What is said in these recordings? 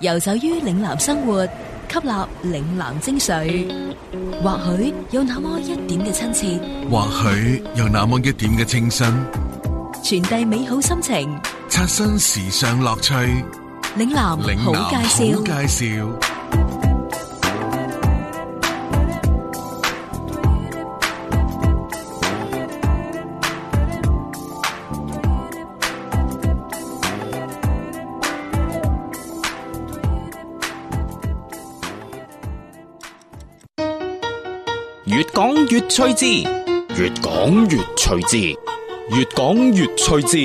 遊走於嶺南生活，吸納嶺南精髓，或許有那麼一點嘅親切，或許有那麼一點嘅清新，傳遞美好心情，刷新時尚樂趣。嶺南好介紹。越趣字，越講越趣字，越講越趣之。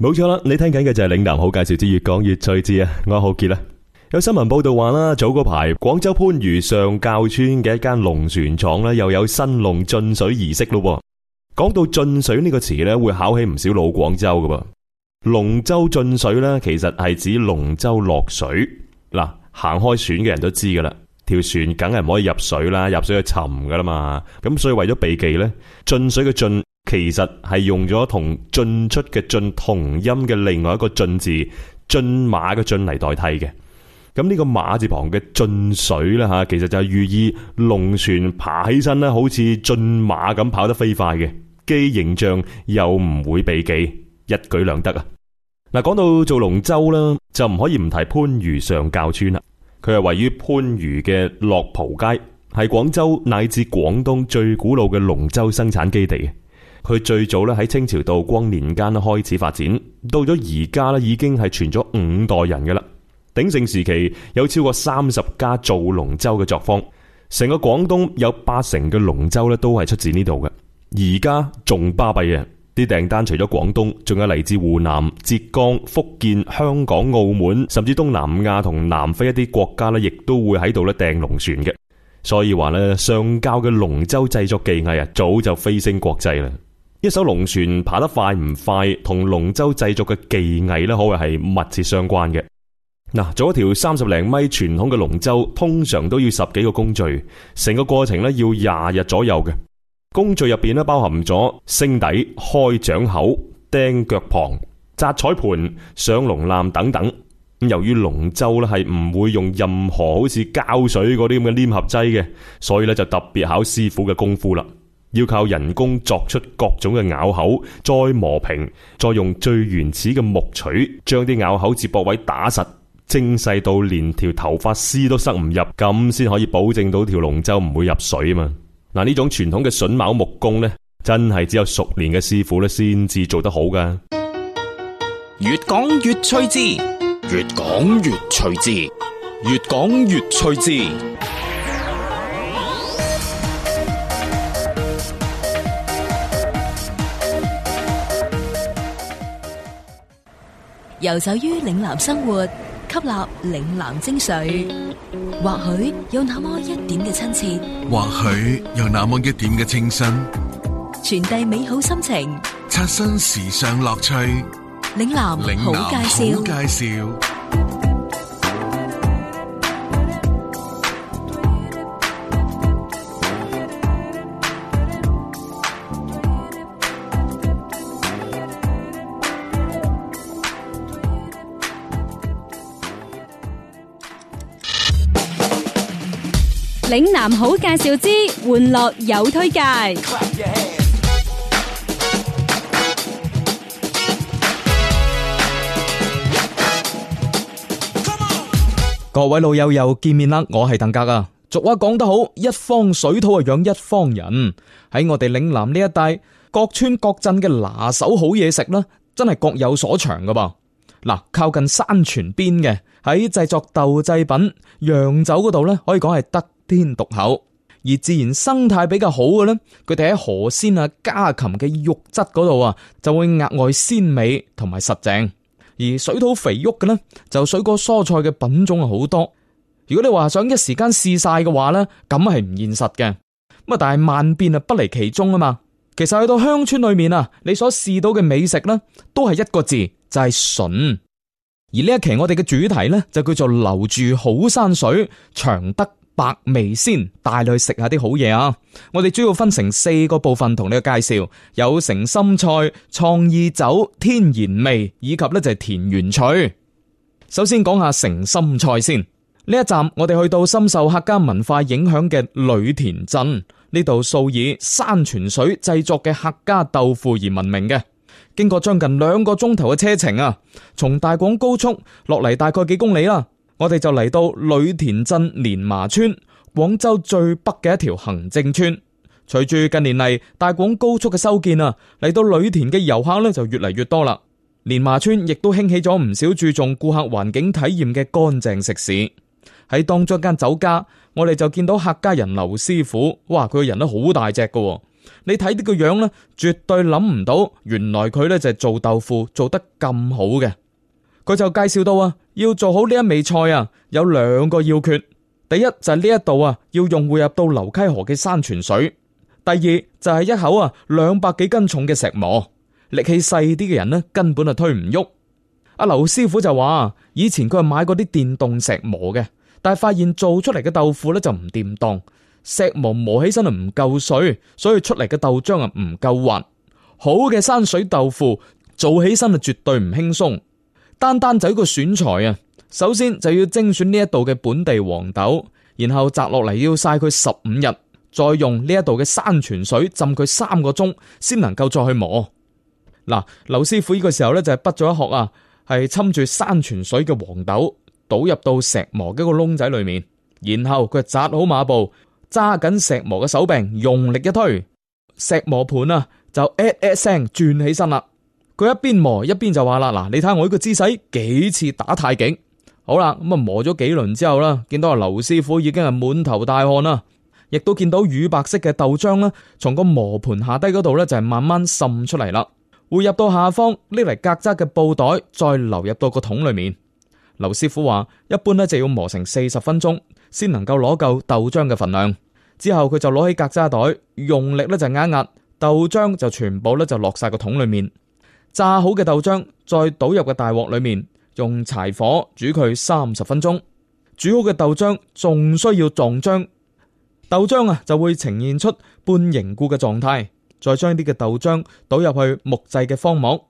冇錯啦，你聽緊嘅就係嶺南好介紹之越講越趣之。啊！我係浩杰啦。有新聞報道話啦，早嗰排廣州番禺上漖村嘅一間龍船廠咧，又有新龍進水儀式咯。講到進水呢個詞咧，會考起唔少老廣州噶。龍舟進水啦，其實係指龍舟落水嗱。行開船嘅人都知噶啦，條船梗係唔可以入水啦，入水去沉噶啦嘛。咁所以為咗避忌呢，進水嘅進其實係用咗同進出嘅進同音嘅另外一個進字，駿馬嘅駿嚟代替嘅。咁呢個馬字旁嘅進水呢，吓其實就係寓意龍船爬起身呢，好似駿馬咁跑得飛快嘅，既形象又唔會避忌。一舉兩得啊！嗱，講到做龍舟啦，就唔可以唔提番禺上漖村啦。佢係位於番禺嘅洛浦街，係廣州乃至廣東最古老嘅龍舟生產基地。佢最早咧喺清朝道光年間開始發展，到咗而家咧已經係傳咗五代人噶啦。鼎盛時期有超過三十家做龍舟嘅作坊，成個廣東有八成嘅龍舟咧都係出自呢度嘅。而家仲巴閉啊！啲訂單除咗廣東，仲有嚟自湖南、浙江、福建、香港、澳門，甚至東南亞同南非一啲國家咧，亦都會喺度咧訂龍船嘅。所以話咧，上交嘅龍舟製作技藝啊，早就飛升國際啦。一艘龍船爬得快唔快，同龍舟製作嘅技藝咧，可謂係密切相關嘅。嗱，做一條三十零米傳統嘅龍舟，通常都要十幾個工序，成個過程咧要廿日左右嘅。工序入邊咧，包含咗升底、開掌口、釘腳旁、紮彩盤、上龍纜等等。咁由於龍舟咧係唔會用任何好似膠水嗰啲咁嘅黏合劑嘅，所以咧就特別考師傅嘅功夫啦。要靠人工作出各種嘅咬口，再磨平，再用最原始嘅木錘將啲咬口接駁位打實，精細到連條頭髮絲都塞唔入，咁先可以保證到條龍舟唔會入水啊嘛。嗱，呢種傳統嘅榫卯木工咧，真係只有熟練嘅師傅咧，先至做得好㗎。越講越趣致，越講越趣致，越講越趣致。游走於嶺南生活。吸納嶺南精髓，或許有那麼一點嘅親切，或許有那麼一點嘅清新，傳遞美好心情，刷新時尚樂趣。嶺南好介紹，好介紹。嶺南好介紹之，玩樂有推介。各位老友又見面啦，我係鄧格啊。俗話講得好，一方水土養一方人。喺我哋嶺南呢一帶，各村各鎮嘅拿手好嘢食啦，真係各有所長噶噃。嗱，靠近山泉邊嘅，喺製作豆製品、洋酒嗰度咧，可以講係得天獨厚，而自然生態比較好嘅咧，佢哋喺河鮮啊、家禽嘅肉質嗰度啊，就會額外鮮美同埋實淨。而水土肥沃嘅咧，就水果蔬菜嘅品種好多。如果你話想一時間試晒嘅話咧，咁係唔現實嘅。咁啊，但係萬變啊不離其宗啊嘛。其實去到鄉村裏面啊，你所試到嘅美食咧，都係一個字就係、是、筍。而呢一期我哋嘅主題咧，就叫做留住好山水，長德。白味仙帶你去食下啲好嘢啊！我哋主要分成四個部分同你介紹，有誠心菜、創意酒、天然味以及咧就係田園菜。首先講下誠心菜先。呢一站我哋去到深受客家文化影響嘅呂田鎮，呢度素以山泉水製作嘅客家豆腐而聞名嘅。經過將近兩個鐘頭嘅車程啊，從大廣高速落嚟，大概幾公里啦。我哋就嚟到呂田鎮連麻村，廣州最北嘅一條行政村。隨住近年嚟大廣高速嘅修建啊，嚟到呂田嘅遊客咧就越嚟越多啦。連麻村亦都興起咗唔少注重顧客環境體驗嘅乾淨食肆。喺當咗間當中間酒家，我哋就見到客家人劉師傅。哇，佢個人都好大隻噶，你睇呢個樣咧，絕對諗唔到，原來佢咧就係做豆腐做得咁好嘅。佢就介紹到啊，要做好呢一味菜啊，有兩個要訣。第一就係呢一度啊，要用匯入到流溪河嘅山泉水。第二就係一口啊，兩百幾斤重嘅石磨，力氣細啲嘅人呢，根本係推唔喐。阿劉師傅就話，以前佢係買過啲電動石磨嘅，但係發現做出嚟嘅豆腐呢，就唔掂當，石磨磨起身就唔夠水，所以出嚟嘅豆漿啊唔夠滑。好嘅山水豆腐做起身就絕對唔輕鬆。單單就一個選材啊，首先就要精選呢一度嘅本地黃豆，然後摘落嚟要曬佢十五日，再用呢一度嘅山泉水浸佢三個鐘，先能夠再去磨。嗱，劉師傅呢個時候咧就係筆咗一殼啊，係浸住山泉水嘅黃豆倒入到石磨嘅個窿仔裏面，然後佢扎好馬步，揸緊石磨嘅手柄，用力一推，石磨盤啊就誒誒聲轉起身啦。佢一邊磨一邊就話啦，嗱、啊，你睇我呢個姿勢幾似打太極，好啦，咁啊磨咗幾輪之後啦，見到阿劉師傅已經係滿頭大汗啦，亦都見到乳白色嘅豆漿咧，從個磨盤下低嗰度咧就係慢慢滲出嚟啦，匯入到下方拎嚟隔渣嘅布袋，再流入到個桶裏面。劉師傅話一般咧就要磨成四十分鐘先能夠攞夠豆漿嘅份量。之後佢就攞起隔渣袋，用力咧就壓壓豆漿，就全部咧就落晒個桶裏面。炸好嘅豆漿再倒入個大鑊裏面，用柴火煮佢三十分鐘。煮好嘅豆漿仲需要撞漿，豆漿啊就會呈現出半凝固嘅狀態。再將啲嘅豆漿倒入去木製嘅方膜，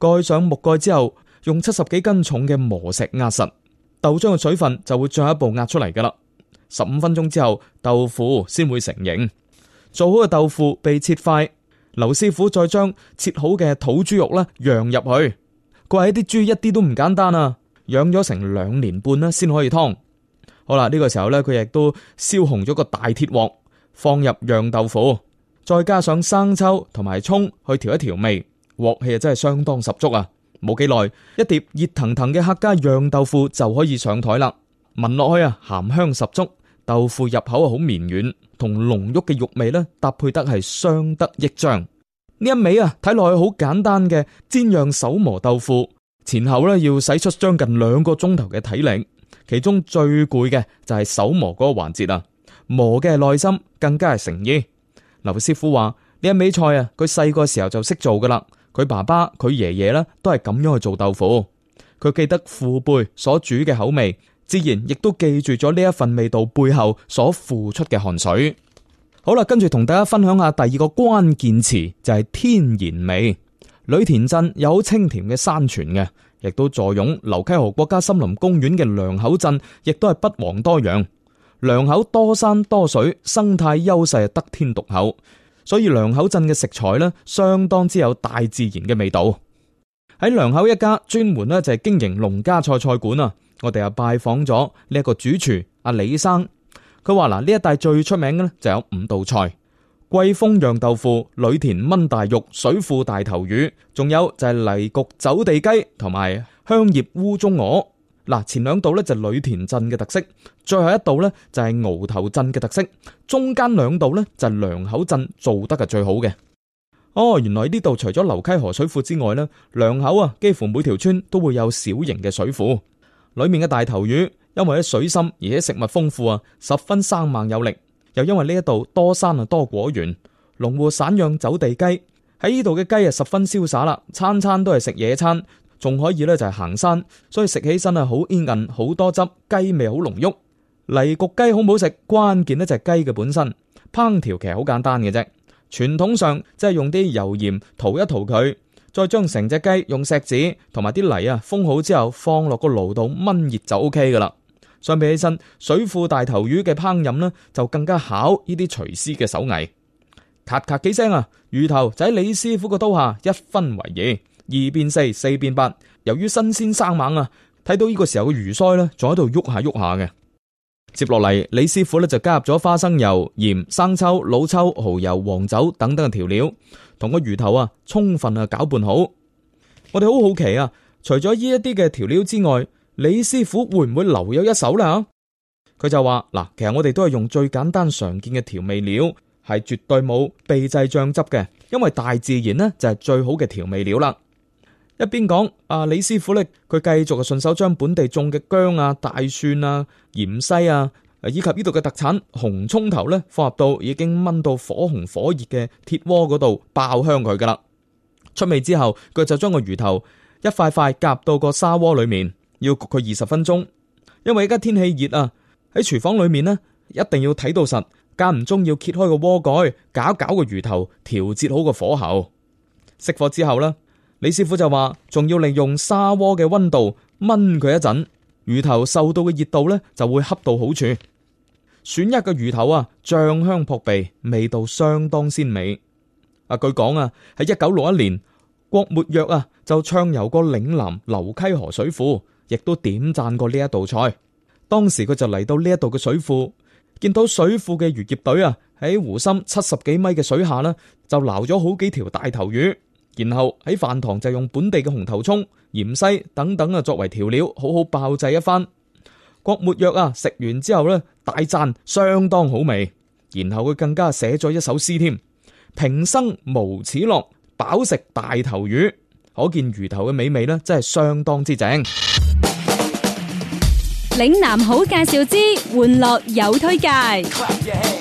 蓋上木蓋之後，用七十幾斤重嘅磨石壓實，豆漿嘅水分就會進一步壓出嚟噶啦。十五分鐘之後，豆腐先會成型。做好嘅豆腐被切塊。劉師傅再將切好嘅土豬肉呢釀入去，佢話啲豬一啲都唔簡單啊，養咗成兩年半啦先可以劏。好啦，呢、呢個時候呢，佢亦都燒紅咗個大鐵鑊，放入釀豆腐，再加上生抽同埋蔥去調一調味，鑊氣啊真係相當十足啊！冇幾耐，一碟熱騰騰嘅客家釀豆腐就可以上台啦。聞落去啊，咸香十足，豆腐入口好綿軟。同濃郁嘅肉味咧搭配得係相得益彰。呢一味啊，睇落去好簡單嘅煎釀手磨豆腐，前後咧要使出將近兩個鐘頭嘅體力，其中最攰嘅就係手磨嗰個環節啦。磨嘅係耐心，更加係誠意。劉師傅話：呢一味菜啊，佢細個時候就識做噶啦，佢爸爸，佢爺爺咧都係咁樣去做豆腐，佢記得父輩所煮嘅口味。自然亦都記住咗呢一份味道背後所付出嘅汗水。好啦，跟住同大家分享下第二個關鍵詞，就係天然味。呂田鎮有清甜嘅山泉嘅，亦都坐擁流溪河國家森林公園嘅良口鎮，亦都係不遑多讓。良口多山多水，生態優勢得天獨厚，所以良口鎮嘅食材呢，相當之有大自然嘅味道。喺良口一家專門呢，就係經營農家菜菜館啊。我哋又拜訪咗呢一個主廚阿李生，佢話嗱，呢一帶最出名嘅呢就有五道菜：桂峰釀豆腐、呂田燜大肉、水庫大頭魚，仲有就係泥焗走地雞同埋香葉烏鬃鵝。嗱，前兩道呢就呂田鎮嘅特色，最後一道呢就係鰲頭鎮嘅特色。中間兩道呢就係良口鎮做得係最好嘅。哦，原來呢度除咗流溪河水庫之外呢，良口啊幾乎每條村都會有小型嘅水庫。裏面嘅大頭魚，因為水深而且食物豐富啊，十分生猛有力。又因為呢一度多山啊多果園，農戶散養走地雞，喺呢度嘅雞啊十分瀟灑啦，餐餐都係食野餐，仲可以咧就係行山，所以食起身啊好煙韌好多汁，雞味好濃郁。泥焗雞好唔好食？關鍵咧就係雞嘅本身，烹調其實好簡單嘅啫，傳統上即係用啲油鹽塗一塗佢。再將成隻雞用石子同埋啲泥啊封好之後，放落個爐度燜熱就 OK 噶啦。相比起身水庫大頭魚嘅烹飪呢，就更加考呢啲廚師嘅手藝。咔咔幾聲啊，魚頭就喺李師傅個刀下一分為二，二變四，四變八。由於新鮮生猛啊，睇到呢個時候嘅魚鰓呢，仲喺度喐下喐下嘅。接落嚟，李師傅咧就加入咗花生油、鹽、生抽、老抽、蠔油、黃酒等等嘅調料，同個魚頭啊充分啊攪拌好。我哋好好奇啊，除咗呢一啲嘅調料之外，李師傅會唔會留有一手呢？佢就話嗱，其實我哋都係用最簡單常見嘅調味料，係絕對冇秘製醬汁嘅，因為大自然呢就係最好嘅調味料啦。一邊講，啊李師傅呢，佢繼續順手將本地種嘅薑啊、大蒜啊、芫茜啊，以及呢度嘅特產紅蔥頭呢，放入到已經炆到火紅火熱嘅鐵鍋嗰度爆香佢噶啦。出味之後，佢就將個魚頭一塊塊夾到個砂鍋裏面，要焗佢二十分鐘。因為而家天氣熱啊，喺廚房裏面呢，一定要睇到實，間唔中要揭開個鍋蓋，攪一攪個魚頭，調節好個火候。熄火之後呢。李師傅就話，仲要利用砂鍋嘅温度燜佢一陣，魚頭受到嘅熱度呢就會恰到好處。選一個魚頭啊，醬香撲鼻，味道相當鮮美。啊，據講啊，喺一九六一年，郭沫若啊就暢遊過嶺南流溪河水庫，亦都點讚過呢一道菜。當時佢就嚟到呢一度嘅水庫，見到水庫嘅漁業隊啊喺湖心七十幾米嘅水下呢，就撈咗好幾條大頭魚。然後喺飯堂就用本地嘅紅頭蔥、芫荽等等啊作為調料，好好爆製一番。郭沫若啊食完之後咧，大讚相當好味。然後佢更加寫咗一首詩添，平生無此樂，飽食大頭魚，可見魚頭嘅美味咧，真係相當之正。嶺南好介紹之，玩樂有推介。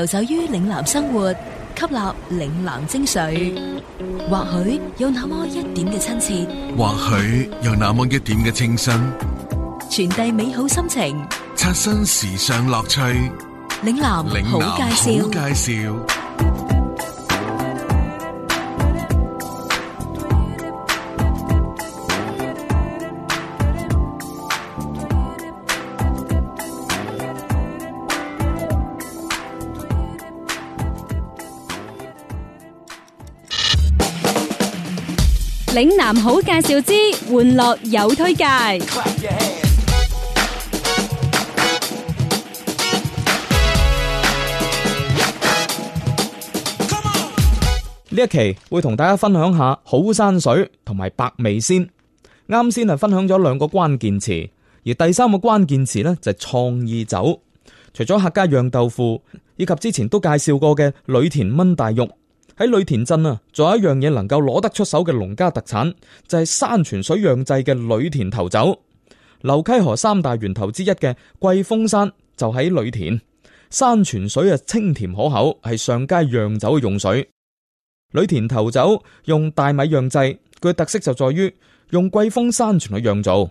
遊走於嶺南生活，吸納嶺南精髓，或許有那麼一點嘅親切，或許有那麼一點嘅清新，傳遞美好心情，刷新時尚樂趣。嶺南好介紹。嶺南好介紹之，玩樂有推介。呢一期會同大家分享下好山水同埋百味鮮。啱先係分享咗兩個關鍵詞，而第三個關鍵詞呢，就係創意酒。除咗客家釀豆腐，以及之前都介紹過嘅呂田炆大肉。喺呂田鎮啊，仲有一樣嘢能夠攞得出手嘅農家特產，就係山泉水釀製嘅呂田頭酒。流溪河三大源頭之一嘅桂峰山就喺呂田，山泉水啊清甜可口，係上佳釀酒嘅用水。呂田頭酒用大米釀製，佢特色就在於用桂峰山泉去釀造。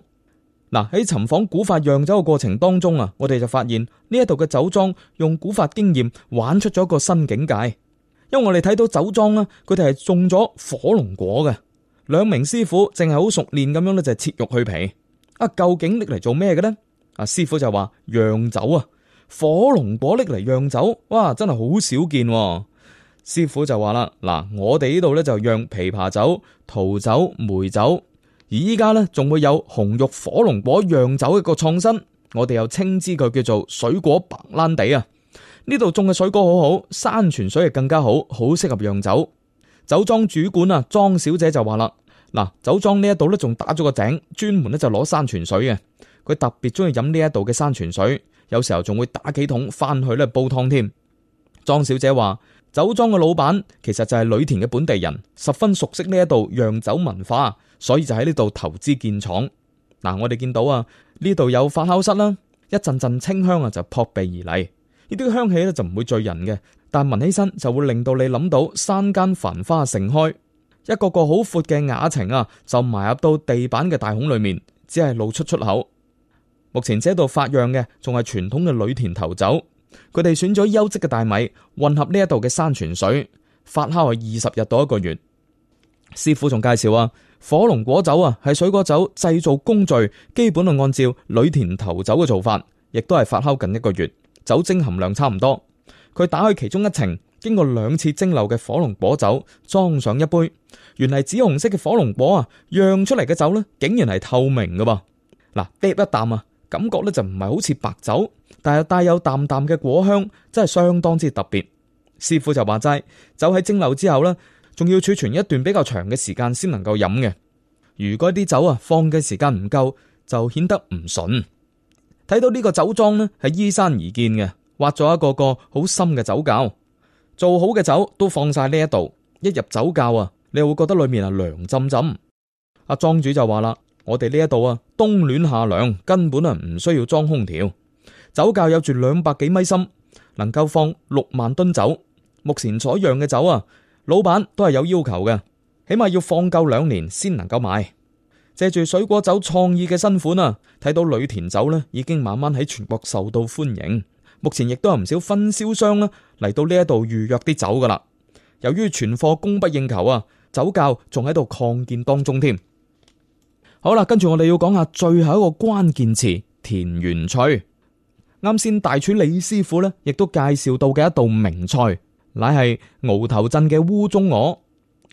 嗱，喺尋訪古法釀酒嘅過程當中啊，我哋就發現呢一度嘅酒莊用古法經驗玩出咗一個新境界。因為我哋睇到酒莊咧、啊，佢哋係種咗火龍果嘅，兩名師傅淨係好熟練咁樣咧，就切肉去皮。啊，究竟拎嚟做咩嘅呢？啊，師傅就話釀酒啊，火龍果拎嚟釀酒，哇，真係好少見，啊。師傅就話啦，嗱，我哋呢度咧就釀枇杷酒、桃酒、梅酒，而依家咧仲會有紅肉火龍果釀酒一個創新，我哋又稱之佢叫做水果白蘭地啊。呢度種嘅水果好好，山泉水又更加好，好適合釀酒。酒莊主管啊，莊小姐就話啦，嗱，酒莊呢一度咧，仲打咗個井，專門咧就攞山泉水嘅。佢特別中意飲呢一度嘅山泉水，有時候仲會打幾桶翻去咧煲湯添。莊小姐話：酒莊嘅老闆其實就係呂田嘅本地人，十分熟悉呢一度釀酒文化，所以就喺呢度投資建廠。嗱，我哋見到啊，呢度有發酵室啦、啊，一陣陣清香啊就撲鼻而嚟。呢啲香氣咧就唔會醉人嘅，但聞起身就會令到你諗到山間繁花盛開，一個個好闊嘅瓦情啊，就埋入到地板嘅大孔裏面，只係露出出口。目前呢度發釀嘅仲係傳統嘅呂田頭酒，佢哋選咗優質嘅大米，混合呢一度嘅山泉水，發酵係二十日到一個月。師傅仲介紹啊，火龍果酒啊係水果酒製造工序基本就按照呂田頭酒嘅做法，亦都係發酵近一個月。酒精含量差唔多，佢打開其中一埕，經過兩次蒸餾嘅火龍果酒裝上一杯，原嚟紫紅色嘅火龍果啊，釀出嚟嘅酒呢，竟然係透明噶噃。嗱，滴一啖啊，感覺呢就唔係好似白酒，但係帶有淡淡嘅果香，真係相當之特別。師傅就話齋，酒喺蒸餾之後呢，仲要儲存一段比較長嘅時間先能夠飲嘅。如果啲酒啊放嘅時間唔夠，就顯得唔順。睇到呢個酒莊呢係依山而建嘅，挖咗一個個好深嘅酒窖，做好嘅酒都放晒呢一度。一入酒窖啊，你又會覺得裏面啊涼浸浸。阿、啊、莊主就話啦：，我哋呢一度啊，冬暖夏涼，根本啊唔需要裝空調。酒窖有住兩百幾米深，能夠放六萬噸酒。目前所釀嘅酒啊，老闆都係有要求嘅，起碼要放夠兩年先能夠賣。借住水果酒創意嘅新款啊，睇到呂田酒呢已經慢慢喺全國受到歡迎。目前亦都有唔少分銷商呢嚟到呢一度預約啲酒噶啦。由於存貨供不應求啊，酒窖仲喺度擴建當中添。好啦，跟住我哋要講下最後一個關鍵詞田園菜。啱先大廚李師傅呢亦都介紹到嘅一道名菜，乃係鰲頭鎮嘅烏鬃鵝。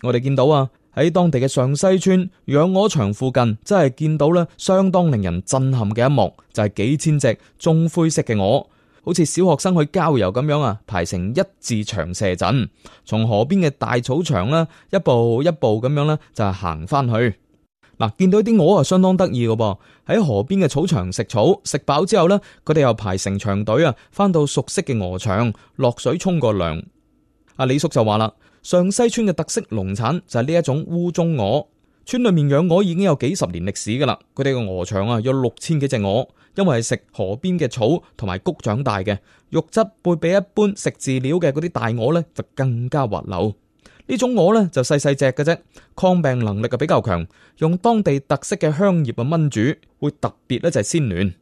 我哋見到啊。喺當地嘅上西村養鵝場附近，真係見到咧相當令人震撼嘅一幕，就係幾千隻棕灰色嘅鵝，好似小學生去郊遊咁樣啊，排成一字長蛇陣，從河邊嘅大草場啦，一步一步咁樣咧就係行翻去。嗱，見到啲鵝啊，相當得意噶噃，喺河邊嘅草場食草，食飽之後咧，佢哋又排成長隊啊，翻到熟悉嘅鵝場落水沖個涼。阿李叔就話啦。上西村嘅特色農產就係呢一種烏鬃鵝，村裏面養鵝已經有幾十年歷史噶啦。佢哋嘅鵝場啊有六千幾隻鵝，因為係食河邊嘅草同埋穀長大嘅，肉質會比一般食飼料嘅嗰啲大鵝呢就更加滑溜。呢種鵝呢就細細隻嘅啫，抗病能力啊比較強。用當地特色嘅香葉啊燜煮，會特別咧就係鮮嫩。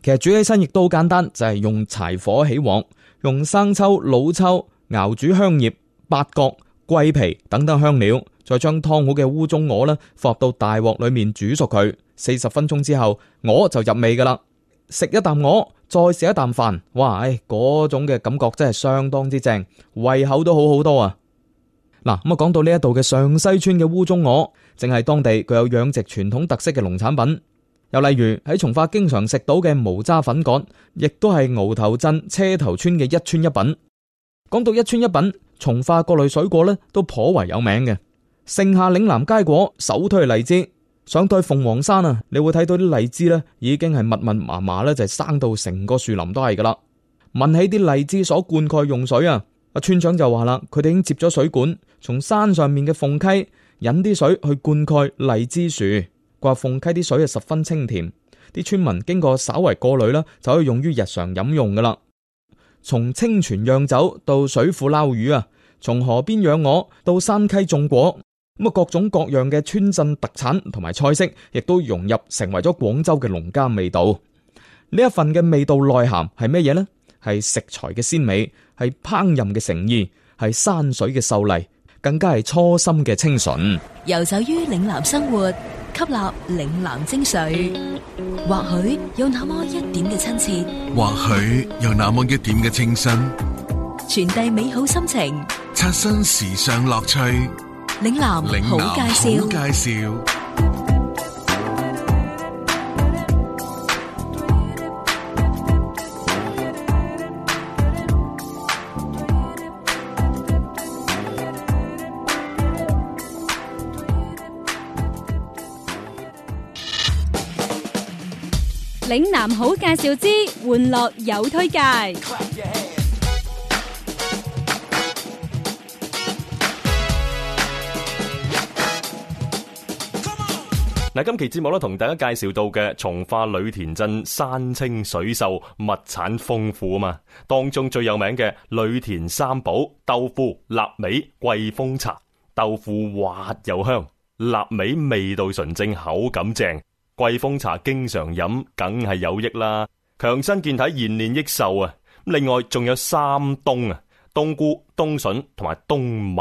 其實煮起身亦都好簡單，就係、是、用柴火起鑊，用生抽、老抽熬煮香葉、八角，桂皮等等香料，再將湯好嘅烏鬃鵝呢，放到大鑊裏面煮熟佢，四十分鐘之後，鵝就入味噶啦。食一啖鵝，再食一啖飯，哇！唉、哎，嗰種嘅感覺真係相當之正，胃口都好好多啊。嗱、啊，咁啊講到呢一度嘅上西村嘅烏鬃鵝，正係當地具有養殖傳統特色嘅農產品。又例如喺從化經常食到嘅無渣粉乾，亦都係鰲頭鎮車頭村嘅一村一品。講到一村一品。從化各類水果咧都頗為有名嘅，盛夏嶺南佳果首推荔枝。上到鳳凰山啊，你會睇到啲荔枝咧已經係密密麻麻咧就係生到成個樹林都係噶啦。問起啲荔枝所灌溉用水啊，阿村長就話啦，佢哋已經接咗水管，從山上面嘅鳳溪引啲水去灌溉荔枝樹。佢話鳳溪啲水係十分清甜，啲村民經過稍為過濾啦就可以用於日常飲用噶啦。從清泉釀酒到水庫撈魚啊，從河邊養鵝到山溪種果，咁啊，各種各樣嘅村鎮特產同埋菜式，亦都融入成為咗廣州嘅農家味道。呢一份嘅味道內涵係咩嘢呢？係食材嘅鮮美，係烹飪嘅誠意，係山水嘅秀麗，更加係初心嘅清純。游走於嶺南生活。吸納嶺南精髓，或許有那麼一點嘅親切，或許有那麼一點嘅清新，傳遞美好心情，刷新時尚樂趣。嶺南好介紹，好介紹。嶺南好介紹之，玩樂有推介。今期節目咧，同大家介紹到嘅從化呂田鎮山清水秀、物產豐富啊嘛，當中最有名嘅呂田三寶：豆腐、臘味、桂峰茶。豆腐滑又香，臘味味道純正，口感正。桂峰茶經常飲，梗係有益啦，強身健體，延年益壽啊！另外仲有三冬啊，冬菇、冬筍同埋冬蜜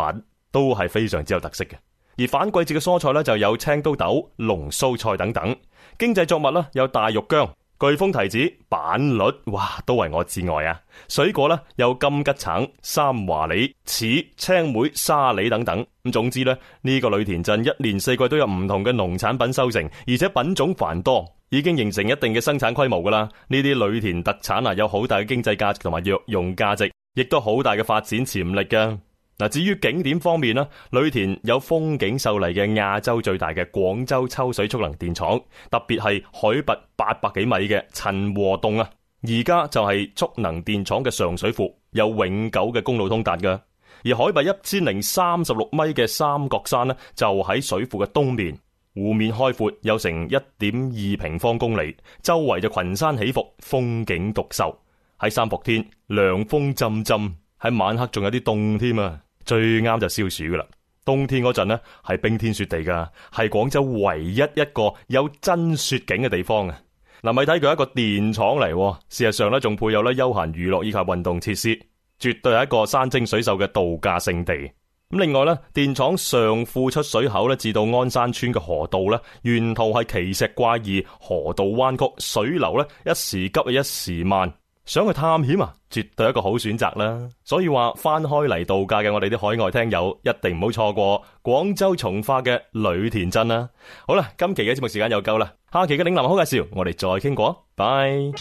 都係非常之有特色嘅。而反季節嘅蔬菜呢，就有青刀豆、龍鬚菜等等。經濟作物呢，有大肉薑。巨峰提子、板栗，哇，都係我摯愛啊！水果咧有柑桔橙、三華李、柿、青梅、沙梨等等。咁總之咧，呢、這個呂田鎮一年四季都有唔同嘅農產品收成，而且品種繁多，已經形成一定嘅生產規模噶啦。呢啲呂田特產啊，有好大嘅經濟價值同埋藥用價值，亦都好大嘅發展潛力噶。嗱，至於景點方面呢，呂田有風景秀麗嘅亞洲最大嘅廣州抽水蓄能電廠，特別係海拔八百幾米嘅陳禾洞啊。而家就係蓄能電廠嘅上水庫，有永久嘅公路通達噶。而海拔一千零三十六米嘅三角山呢，就喺水庫嘅東面，湖面開闊，有成一點二平方公里，周圍就群山起伏，風景獨秀。喺三伏天，涼風陣陣，喺晚黑仲有啲凍添啊！最啱就消暑噶啦，冬天嗰陣呢，係冰天雪地噶，係廣州唯一一個有真雪景嘅地方啊！嗱，咪睇佢一個電廠嚟，事實上呢，仲配有呢休閒娛樂以及運動設施，絕對係一個山清水秀嘅度假勝地。咁另外呢，電廠上庫出水口呢，至到安山村嘅河道呢，沿途係奇石怪異，河道彎曲，水流呢，一時急一時慢。想去探險啊，絕對係一個好選擇啦！所以話翻開嚟度假嘅我哋啲海外聽友，一定唔好錯過廣州從化嘅呂田鎮啦！好啦，今期嘅節目時間又夠啦，下期嘅嶺南好介紹，我哋再傾過，拜！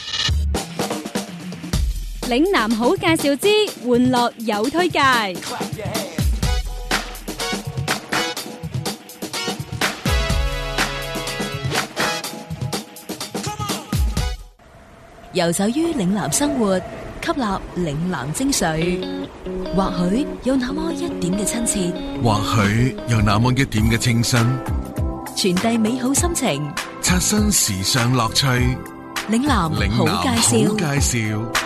嶺南好介紹之玩樂有推介。遊走於嶺南生活，吸納嶺南精髓，或許有那麼一點嘅親切，或許有那麼一點嘅清新，傳遞美好心情，刷新時尚樂趣。嶺南好介紹。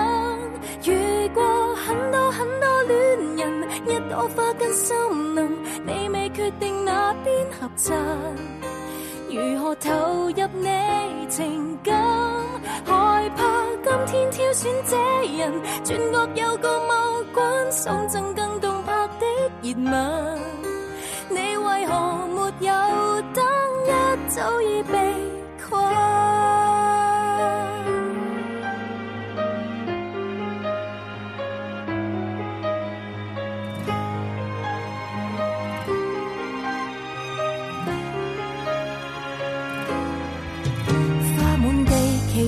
遇過很多很多戀人，一朵花跟森林，你未決定哪邊合襯，如何投入你情感？害怕今天挑選這人，轉角有個某君，送贈更動魄的熱吻，你為何沒有等一早已備。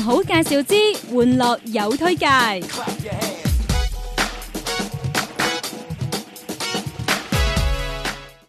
好介紹之，玩樂有推介。